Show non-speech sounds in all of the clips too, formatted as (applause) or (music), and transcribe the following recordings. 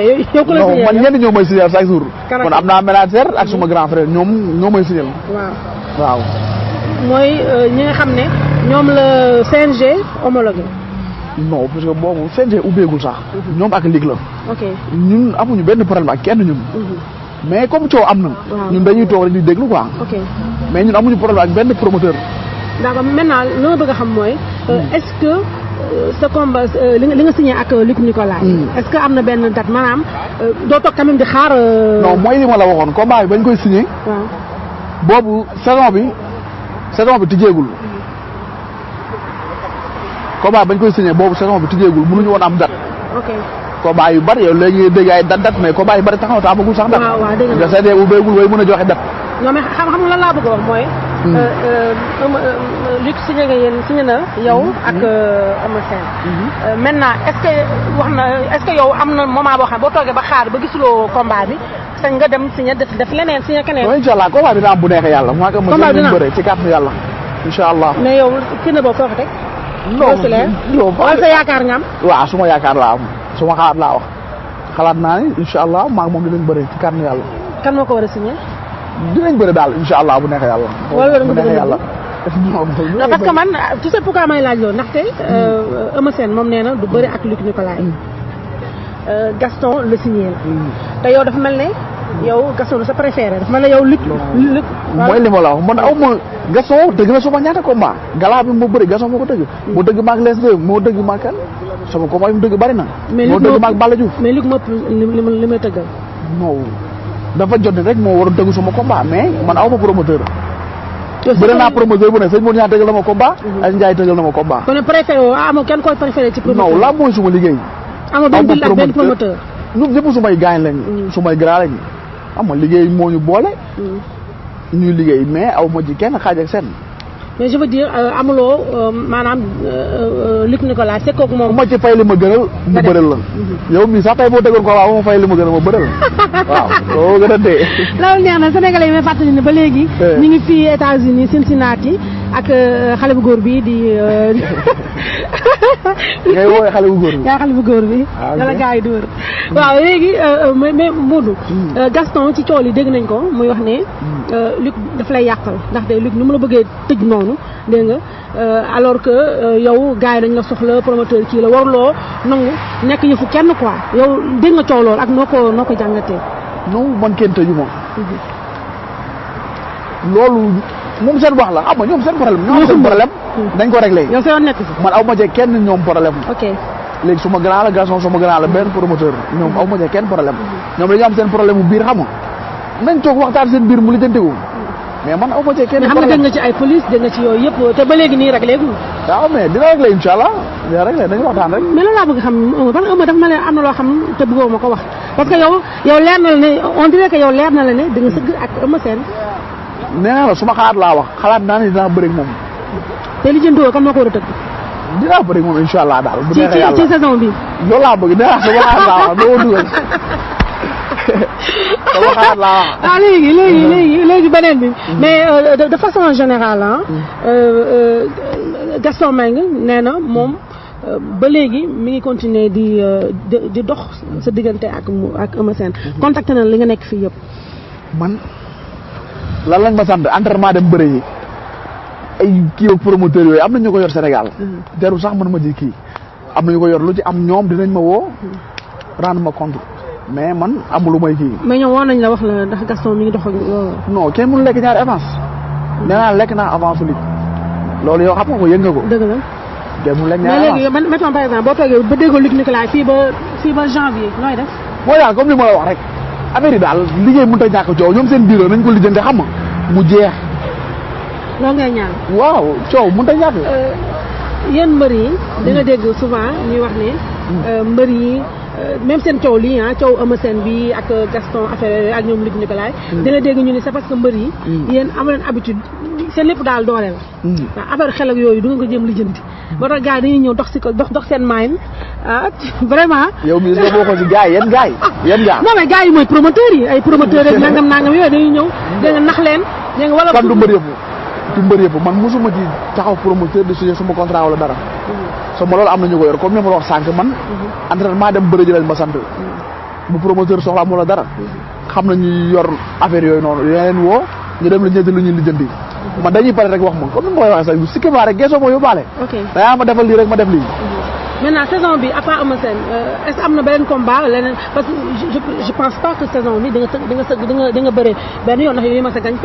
Eh, non man ñenn ñoo may signal chaque jour. kon am naa manager ak mm-hmm. suma grand frère ñoom ñoo may signal. waaw waaw. mooy euh, ñi nga xam ne ñoom la CNG homologué. non parce que boobu CNG ubbeegul sax. Mm-hmm. ñoom ak ligue la. ok ñun amuñu benn problème ak kenn ñun. Mm-hmm. mais comme coow am na. ñun dañuy toog rek di déglu quoi. ok mais ñun amuñu problème ak benn promoteur. d'accord maintenant li ma bëgg xam mooy. Euh, est-ce que. sa combat euh, li nga signé ak euh, Luc Nicolas. Hmm. est ce que am na benn date maanaam euh, doo toog tamit di xaar. non mooy li ma la waxoon combat bañ koy signé. boobu saison bi saison bi tijjeegul. combat bañ koy signé boobu saison bi tijjeegul ñu woon am date. ok combat yu bari yow léegi dégg ay date date mais combat yu bari taxaw te amagul sax date. waaw waaw dégg nga seetee ubbeegul way mën a joxe date. xam-xam laa bëgg a wax mooy. Mm. Euh, euh, euh, Luc signé nga yéen signé na yow mm. ak Eumeu Sène mm-hmm. maintenant est-ce wax na est-ce am na moment boo xam boo toogee ba xaar ba gisuloo combat bi sax nga dem signé def def leneen signé keneen. waaw incha allah combat bi dina am bu neexee yàlla. combat dina am mu bëre ci kàttan yàlla incha allah. mais yow na boobu foo yaakaar nga am. waaw suma yaakaar laa am suma xalaat laa wax xalaat naa ne incha allah maa ngi moom dinañ bëre ci kàttan yàlla. kan moo ko war a signé. li dinañ bëri daal incha allah bu neexee yàlla. wala bu neexee yàlla. non parce que man tu sais pourquoi laaj loolu ndaxte. Euh, Eumeu Sène moom nee na du bëri ak Luc Nicolaï. Euh, Gaston le signé la. Mm. te yow dafa mel ne. yow Gaston sa préféré dafa mel mooy li ma la wax ma. Gaston dëgg na sama ñaata combat. galaa bi mu bëri Gaston moo ko dëgg. moo mm. dëgg maag les deux moo dëgg maag kan sama combat yi mu dëgg bari na. moo dëgg maag Balla Diouf mais moo li may tëggal. non. dafa jot rek moo waroon tegu sama combat mais man aw ma promoteur. bëri naa promoteur bu ne sëñ Modou Niang tëgal na ma combat. Mhm. Aziz Ndiaye tëgal na ma combat. kon préféré woo ah amoo kenn koy préféré ci promoteur. non ma liggéey. amoo benn deal ak benn promoteur ñoom ñëpp su may gaañ lañu. Mhm. su may grand lañu. am ma liggéey moo ñu boole. Mhm. ñuy liggéey mais aw ma ci kenn xaaj ak seen. mais je veux dire euh, amuloo euh, maanaam euh, Luc Nicolas c'est moom. ma ci fay li ma gënal. mu bëral la. Mhm. yow mii sax tey boo déggoon ko waaw ma fay li ma gënal ma bëral (laughs) waaw boo gën a dee. loolu neex na sénégalais yi may fàttali ba léegi. Eh. ñu ngi fii États-Unis yi ak xale bu góor bii di. (laughs) (laughs) ngay woowee xale bu góor bi. yaa xale bu góor bi. Ah, gaa yi dóor. waaw léegi euh, euh, mais mais Modou. Hmm. Euh, Gaston ci tool yi dégg nañ ko muy wax ne. Hmm. Luc daf lay yàqal ndax de Luc nu mu la bëggee tëj noonu dégg nga alors que yow gars yi dañ la soxla promoteur kii la warloo nangu nekk yëfu kenn quoi yow dégg nga coow loolu ak noo ko noo ko jàngatee. non man moom seen wax la xam ñoom seen problème ñoom ko réglé yow man aw ma kenn ñoom problème ok léegi suma grand la garçon suma grand la benn promoteur ñoom aw ma kenn problème mhm. ñoom dañu am seen problème bu biir xam nga nañ waxtaan seen biir mu lijjantiku mais man aw ma kenn xam nga ah, dégg dafa ma ne am na loo xam te bëggoo ma ko wax parce que yow leer na la ne on dirait que leer na la ne da nga ak ëmb seen nee naa su ma xalaat laa wax xalaat naa ne dinaa bëri moom. te li jëntuwoo kan moo ko war a tëgg. dinaa bëri moom incha allah daal. bu neexee yàlla ci ci ci saison bi. loolu laa bëgg nee naa su ma xalaat laa wax doo dugal. (laughs) Ah, léegi léegi mm-hmm. léegi léegi bi. Mm-hmm. mais euh, de façon générale mm-hmm. euh, euh, Gaston Mbengue nee na moom ba léegi mi ngi continuer di di dox sa diggante ak ak Eumeu Sène na li nga nekk fii yëpp. lan lañ ma sant entraînement dem bëre yi ay kii promoteur yooyu am na ñu ko yor Sénégal. Mm-hmm. jaru sax man ma ji kii am na ñu ko yor lu ci am ñoom dinañ ma woo. Mm-hmm. rendre ma compte mais man amul lu may kii. mais ñoom woo nañ la wax la ndax Gaston mi ngi dox ak loolu. non kenn mënu lekk ñaari avance. Mm-hmm. nee naa lekk naa avance li loolu yow xam nga ko yëg nga ko. dëgg la. boo toogee ba déggoo Luc Nicolaï fii ba fii ba janvier nooy def. mooy daal comme li la wax rek. affaire daal liggéey mënut a ñàkk coow ñoom seen bureau nañ ko lijjanti xam mu jeex. loo ngay waaw coow mënut a ñàkk. Euh, yéen mbër yi. dina dégg souvent ñuy wax ne. Mm. Euh, mbër yi. Euh, même seen coow lii ah coow Eumeu Sène bi ak euh, Gaston affaire ak ñoom Luc Nicolaï mm. dina dégg ñu ni c'est parce que mbër yi mm. yéen amu leen habitude seen lépp daal doole la mm. waaw affaire xel ak yooyu du nga ko jëm lijjanti ba tax gars yi dañuy ñëw dox si ko dox dox seen main ah (laughs) vraiment yow mi nga bokkoon si gars yi yan gars yi yan gars non mais gars yi mooy promoteurs yi ay promoteurs rek nangam nangam yooyu dañuy ñëw da nga nax leen da nga wala kan du mbër yëpp du mbër yëpp man mosuma ci taxaw promoteur di signé suma contrat wala dara so ma loolu am na ñu ko yor comme ni ma la wax sànq mhm. mhm. mhm. yooyu noonu yeneen ñu dem la ñetti lu ñuy lijjanti. man dañuy wax ma comme ni ma koy waxee sax bu sikki baa rek geesoo ma yóbbaale. ok dayaa saison bi euh, am na beneen combat leneen parce que je je da nga da nga së da da nga bëre benn yoon ndax yooyu ma sa gañ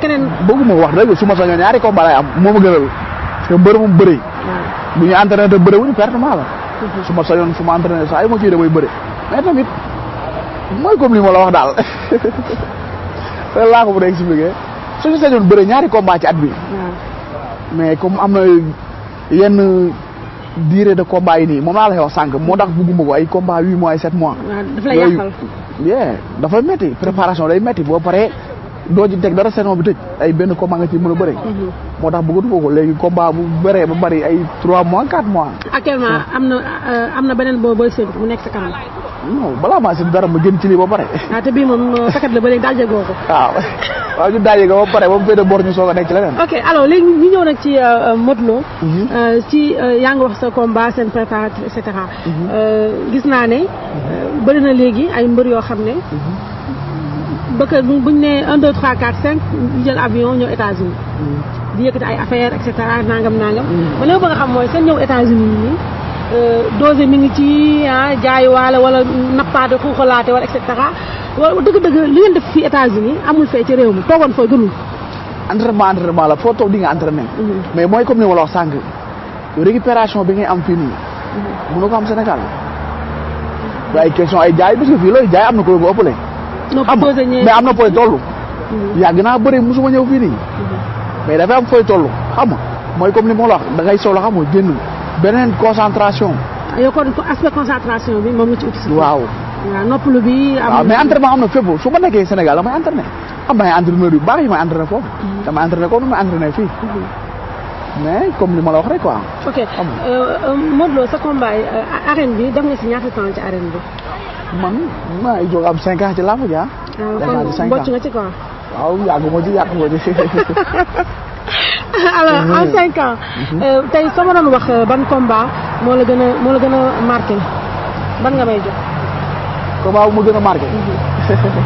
keneen. bëgguma wax dëgg su ma sañoon ñaari combat lay am moo ma gënal. te mbër moom bëre. bu ñu entraîné te bëre wu ñu perte maa la. Mhm. su ma sañoon su ma entraîné saa yu ma ciy damay bëre mais tamit mooy comme li ma la wax daal (laughs) loolu laa ko mën a expliqué suñu ñaari combat ci at bi. mais comme am na yenn durée de combat yi nii moom laa la wax sànq moo tax bugguma ko ay combat huit mois ay sept mois. daf lay dafa métti préparation day métti boo paree doo ci teg dara saison bi tëj ay benn combat nga ci mën a bëre. Mhm. moo tax bëggatu ko léegi combat bu bëree ba bëri ay 3 mois 4 mois. actuellement hmm. am na euh, am na beneen boo booy séntu mu nekk sa kanam. non balaa maa si dara ma jën ci lii ba pare. ah te bii moom fekkat euh, la ba léegi daje goo ko. (laughs) Ah, waaw waaw ñu daje ko ba pare ba mu fee de bor ñu soog a nekk ci leneen. ok alors léegi ñu ñëw nag ci euh, Modou Lo. Mhm. ci yaa ngi wax sa combat seen préparatif et cetera. Mhm. gis naa ne mhm. bëri na léegi ay mbër yoo xam ne. bëgg buñ ne un 2 3 4 5 jël di yëkkati ay affaire et cetera nangam nangam. Mm. ba li a xam mooy seen ñëw États-Unis nii euh, mi ngi ci ah jaay waale wala nappaate xuuxalaate wala et cetera wala dëgg-dëgg li ngeen def fii États-Unis amul fee ci réew mi toogoon fooy gënul. entraînement entraînement la foo toog di nga entraîné. Mm-hmm. mais mooy comme ni ma la wax sànq. récupération bi ngay am fii nii. Mm-hmm. mënoo ko am Sénégal. ay question ay jaay parce que fii looy jaay am na ko bu ëppale. am mais am na poy toll. Mm-hmm. yàgg naa bëri musuma ñëw fii mais dafa am fooy toll xam nga mooy comme li ma la da ngay solo xam nga génn beneen concentration. Ah, yow kon aspect concentration bi moom la ci ut. waaw waaw noppalu bi. am mais entraînement am na fépp su ma nekkee Sénégal damay entraîné am na ay entraîneurs yu baax yi may entraîné foofu. Mhm. damay entraîné ko mhm. mais comme li ma la wax rek quoi. ok euh, euh, Modou Lo sa combat yi euh, arène bi def nga si ñaata temps ci arène bi. man maa ngi jóg am ci làmb ji ah. nga ci quoi. waaw yàgg ma ci yàgg ma ci. (laughs) alors mm-hmm. en cinq ans. Mm-hmm. Euh, tey soo ma wax euh, ban combat moo la gën a moo la gën a marqué ban nga may jox. combat bu gën a marqué. Mm-hmm.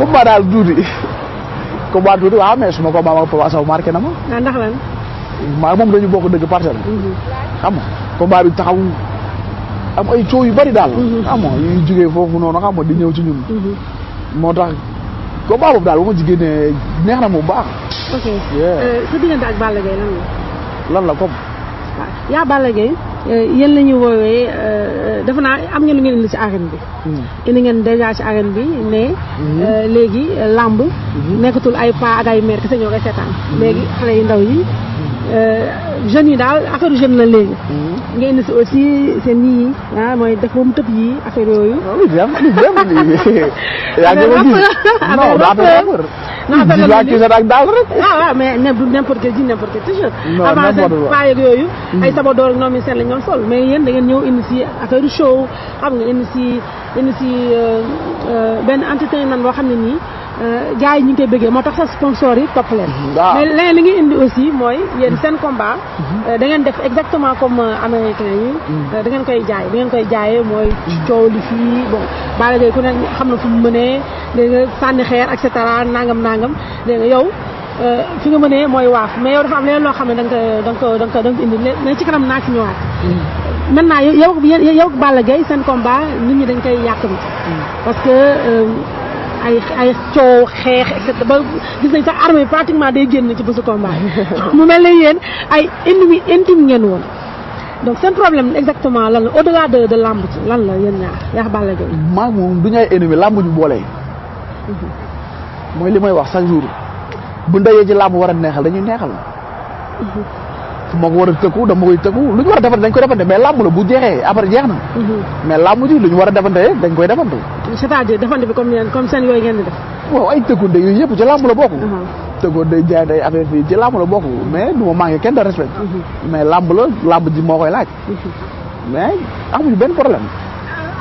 combat daal tuuti. combat tuuti waaw mais suma combat ma Papa Sow marqué na ma. Ah, ndax lan. maa moom dañu bokk dëgg parcelle. xam nga combat bi taxaw am ay coow yu bari daal. xam nga yuy jugee foofu noonu xam di ñëw ci ñun. moo tax. combat boobu daal bu ma ci génnee neex na mu baax. ok euh, sa diggante ak Balla Gaye lan la. lan la comme. waaw yaa Balla Gaye euh, yéen la ñuy woowee euh, defe naa am ngeen lu ngeen indi ci arène bi. Hmm. indi ngeen dèjà ci arène bi ne. Hmm. léegi làmb. Hmm. nekkatul ay paa ak ay mère kese ñoo koy seetaan. léegi xale yu ndaw yi. Euh, jeunes yi daal affaire jeune la léegi. nga indi si aussi seen yi ah mooy def ba mu tëb yi affaire yooyu. Ah oui bien bien. (laughs) yaa ngi ko gis non daa doon rappeur. non affaire la gis ak daal rek. ah waaw mais ne n'importe quel ji n'importe quel t-shirt. non n'importe quoi yooyu. Mm. ay sabadoor ak ñoom seen la ñoon sol mais yéen da ngeen ñëw indi si affaire show xam nga indi si indi si euh, euh, benn entité nan boo xam ne nii. Euh, gars yi ñu ngi koy bëggee moo tax sax sponsor yi topp leen. Mm-hmm. mais leneen li indi aussi mooy yéen mm-hmm. seen combat. Mm-hmm. Euh, da ngeen def exactement comme euh, américain yi. da koy jaay da koy jaayee mooy. coow li fii bon Balla Gaye ku ne xam na fu mu mënee dégg sànni xeer et cetera nangam nangam dégg nga yow. fi nga mënee mooy waaf mais yow dafa am leneen loo xam ne da nga ko da nga ko da nga ko indi mais ci kanam naa ci ñëwaat. maintenant yow yow Balla Gaye seen combat nit ñi dañ koy yàqamti. parce que. ay ay coow xeex et cetera ba gis nañ sax armée pratiquement day génn ci bésu combat (laughs) mu mel ne yéen ay ennemis intime ngeen woon donc seen problème exactement lan la au delà de de làmb ci lan la yéen ñaar yaa Balla Gaye maa moom du ñu ay làmb ñu boole mhm. mooy li may wax chaque jour bu ndeyee ji làmb war a neexal dañuy neexal mhm. fu war a tëkku dama koy tëkku lu ñu war a defante dañ koy defante mais làmb la bu jeexee après jeex na. Mhm. mais làmb ji lu war a defante dañ koy defante. c'est-à-dire defante bi comme yéen comme seen yooyu ngeen di def. waaw ay tëkkunde yooyu yëpp ci bokk. Uh-huh. tëkkoon day jaay day affaire fii ci làmb la bokk uh-huh. mais du ma manqué kenn de respect. Uh-huh. mais làmb la làmb ji moo koy laaj. mais amuñu benn problème.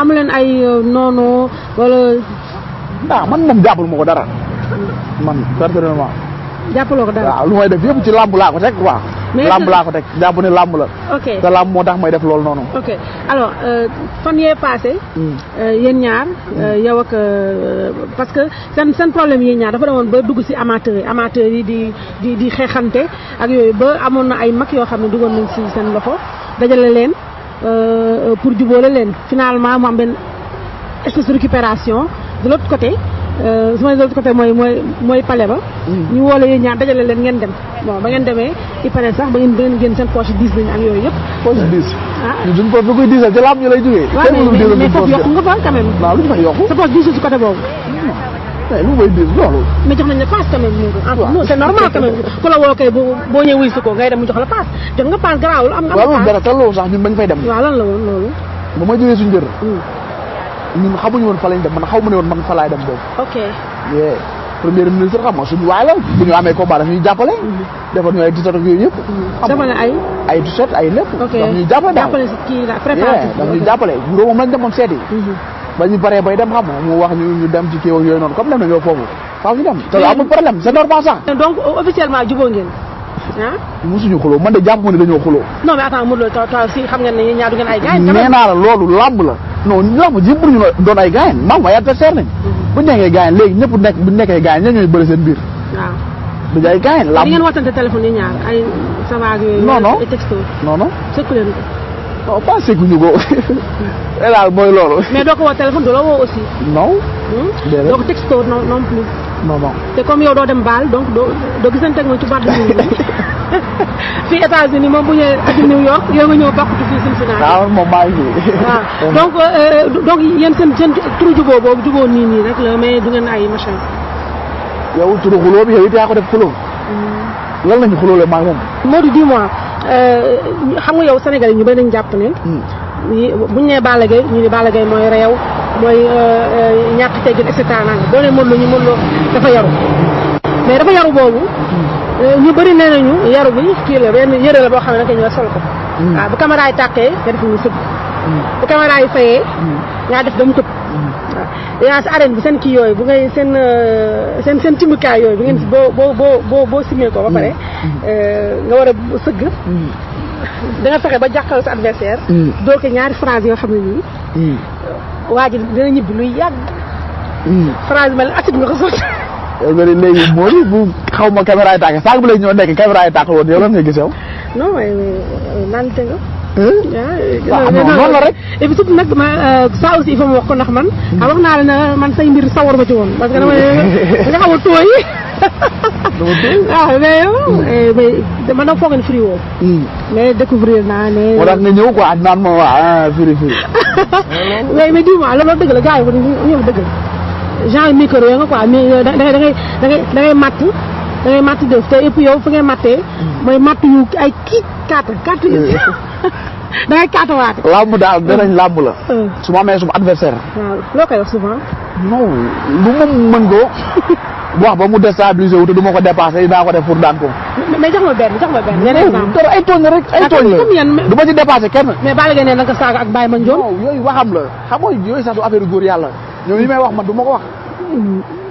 amu leen ay euh, noonu wala. ah man moom jàppul ma ko dara man personnellement. jàppaloo ko dara waaw lu may def yëpp ci làmb laa ko teg waaw làmb laa ko teg jàpp ne làmb la. ok te làmb moo tax may def loolu noonu. ok alors euh, fan yee passé. Hmm. Euh, yéen ñaar euh, hmm. yow ak parce que seen seen problème yéen ñaar dafa demoon ba dugg si amateurs yi yi di di di xeexante ak yooyu ba amoon na ay mag yoo xam ne duggoon nañ si seen loxo dajale leen pour la leen finalement mu am benn espèce de récupération de l'autre côté. Euh, su ma doon côté mooy mooy mooy palais ba. Mm. ñu woo la yéen ñaar dajale leen ngeen dem bon ba ngeen demee il paraît sax ba ngeen ba ngeen génn seen poche diis nañu ak yooyu yëpp. poche diis. ah lay jógee. waaw mais mais foofu yokku nga fa quand même. waaw lu ñu fay yokku. sa poche diisul si côté boobu. loolu. mais jox nañ la paas quand même ñu ko. Ah, normal quand même ku la woo kay boo ñëw ñëwee wuyu ngay dem mu jox la paas jox nga paas garaawul am nga. am paas waaw loolu dara te loolu sax fay dem. waaw lan la woon loolu. ba ma jógee suñu kër mm. ñun xamuñu woon fa lañ dem man xaw ma ne woon man fa dem boobu. ok premier ministre xam nga waay la bu ñu amee combat daf ñuy jàppale. Mhm. defal ñu ay t-shirt ak yooyu yëpp. Mhm. xam nga ay. jàppale daal jàppale mhm. ba ñu xam nga wax ñu de jàpp ma ne dañoo xuloo. non mais attends Modou Lo taw taw si xam nga ne ñaar du naa loolu làmb la non lamb ji pour ñu doon ay gaayen maam ay adversaire nañ mm-hmm. bu ñu nekkee gaayen léegi ñëpp nekk bu nekkee gaayen ñoo ñooy bëri seen biir waaw duñu ay gaayen lamb ngeen waxtante téléphone yi ñaar ay savage yooyu non non non non sëkku leen ko non pas sëkku ñu ko daal (laughs) mooy loolu mais doo ko woo téléphone doo la woo aussi non hmm? doo ko texto non non plus non non te comme yow doo dem (laughs) (laughs) fii États-Unis moom bu ñëwee New York yoo nga ñëw bokk ci fii Cincinnati. waaw ah, moom maa ngi fi. waaw (laughs) ah, donc euh, donc seen seen turu boobu jubóo nii nii rek mais du ngeen ay machin. yow turu xuloo bi yow it yaa ko def xuloo. Mm. lan lañu xuloolee maa moom. Modou dis-moi euh, xam nga yow Sénégalais ñu bëri nañu jàpp ne. Mm. buñ nee Balla Gaye ñu ne Balla Gaye mooy réew mooy euh, ñàkk teggin et cetera naan boo nee Modou Lo ñu Modou dafa yaru mais dafa yaru boobu. Mm. ñu bari nee nañu yaru bi kii la benn yëre la boo xam ne da nga ñëw sol ko. waaw mm. ah, bu caméra yi tàkkee nga def ñu sëb. Mm. bu caméra yi fayee. Mm. nga ah, bi seen kii yooyu bu ngay seen euh, seen seen timbukaay yooyu. bu ngeen boo boo boo boo simee ko ba pare. Euh, nga war a sëgg. da fexe ba jàkkal sa adversaire. doo ko ñaari phrase yoo xam ne nii. waa ji ñibbi luy yàgg. phrase mel acide nga ko sotti. (laughs) yow nga bu xaw ma caméra yi tàkk sànq bi ñoo nekk caméra yi tàkk woon yow nga gis yow. non mais nante euh, nga. Ah, waaw noonu la rek. et puis surtout euh, wax ko ndax man. Hmm. Ah, wax naa la man say mbir sawar ma ci woon. parce que dama ne nga xaw a tooy. waaw (laughs) ah, mais yow. Hmm. Eh, mais man da foog ne firi woo. Hmm. mais découvrir naa ne. moo tax nga ñëw ma waa firi firi. (laughs) mais mais dis-moi loolu dëgg genre micro yooyu nga quoi da da ngay da ngay da ngay matt da ngay te yëpp yow fi ngay mattee. Mm. mooy matt yu ay kii kàtt kàtt yu. Mm. (laughs) da ngay kàttawaate. làmb daal danañ mm. làmb la. su ma amee suma adversaire. waaw loo koy wax souvent. non lu ma mën ko. (laughs) wax ba mu déstabilisé wu te du ma ko dépassé dinaa ko def pour daan ko. mais jox ma benn jox ma benn. yeneen dara ay tooñ rek ay tooñ la du ma ci dépassé kenn. mais Balla Gaye nee na nga saaga ak Baye Mandione. non yooyu waxam la xam nga yooyu sax du affaire góor yàlla. ñoom yi may wax man du ma ko wax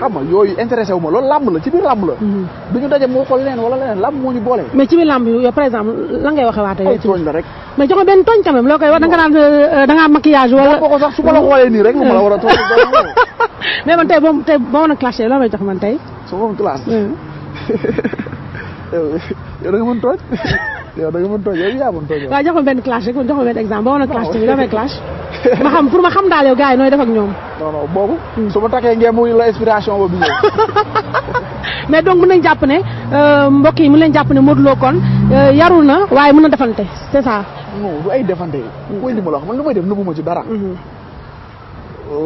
xam nga yooyu intéressé wu ma loolu làmb la ci biir làmb la mhm. du ñu daje moo ko leneen wala leneen làmb moo ñu boole mais ci biir làmb yow par exemple lan ngay waxe waate ay tooñ la rek mais joxe benn tooñ quand même loo koy wax da nga naan euh, da ngaa maquillage wala boo ko sax su ma la xoolee nii rek lu ma la war a tooñ (laughs) mais man tey boo tey boo mën a clashé la may jox man tey su ma clash (laughs) yow da nga mën tooñ (laughs) yow da nga mën tooñ yow yaa mën tooñ waaw jox ma benn clash rek jox ma benn exemple boo mën a clash tamit loo may clash (laughs) ma xam pour ma xam daal yow gars yi nooy def ak ñoom. non non boobu. su ma takkee ngeen muy la inspiration boobu ñëw. (laughs) mais donc mën nañ jàpp ne euh, mbokk yi mën nañ jàpp ne Modou Lo kon euh, yarul na waaye mën na defante c'est ça. non du ay defante yi. Mm. mooy li ma la wax man li may def nëbbu ma ci dara. Mm-hmm.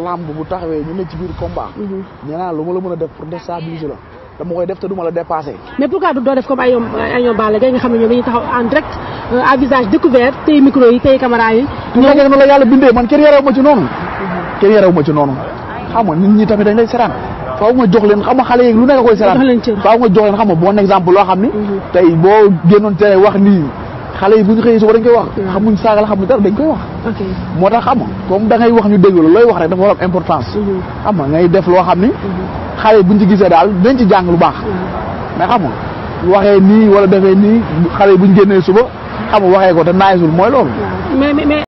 lamb bu taxawee ñu ne ci biir combat. ñu mm-hmm. lu ma la mën a def pour déstabiliser la. dama koy def te du ma la dépassé. mais pourquoi du doo def comme ay ñoom ay ñoom Balla Gaye nga xam ne ñoom dañuy taxaw en direct euh, à découvert tey micro yi tey caméra yi. ñoom da la yàlla bindee man kenn yarew ci noonu. kenn yarew ci noonu. xam nit ñi tamit dañ lay seraan. faaw nga jox leen xam nga xale yeeg lu nekk koy seraan. faaw nga jox leen xam bon exemple loo xam ni. Mhm. tey boo génnoon télé wax nii. xale yi bu ñu xëyee suba dañ koy wax hmm. xamuñ saaga la xamuñ dara dañ koy wax moo tax xam nga comme da ngay wax ñu déglu looy wax rek dafa war am importance hmm. xam nga ngay def loo xam ni hmm. xale yi buñ ci gisee daal dañ ci jàng lu baax ma xam waxee nii wala defee nii xale yi buñ génnee suba xam nga waxee ko te naaysul mooy loolu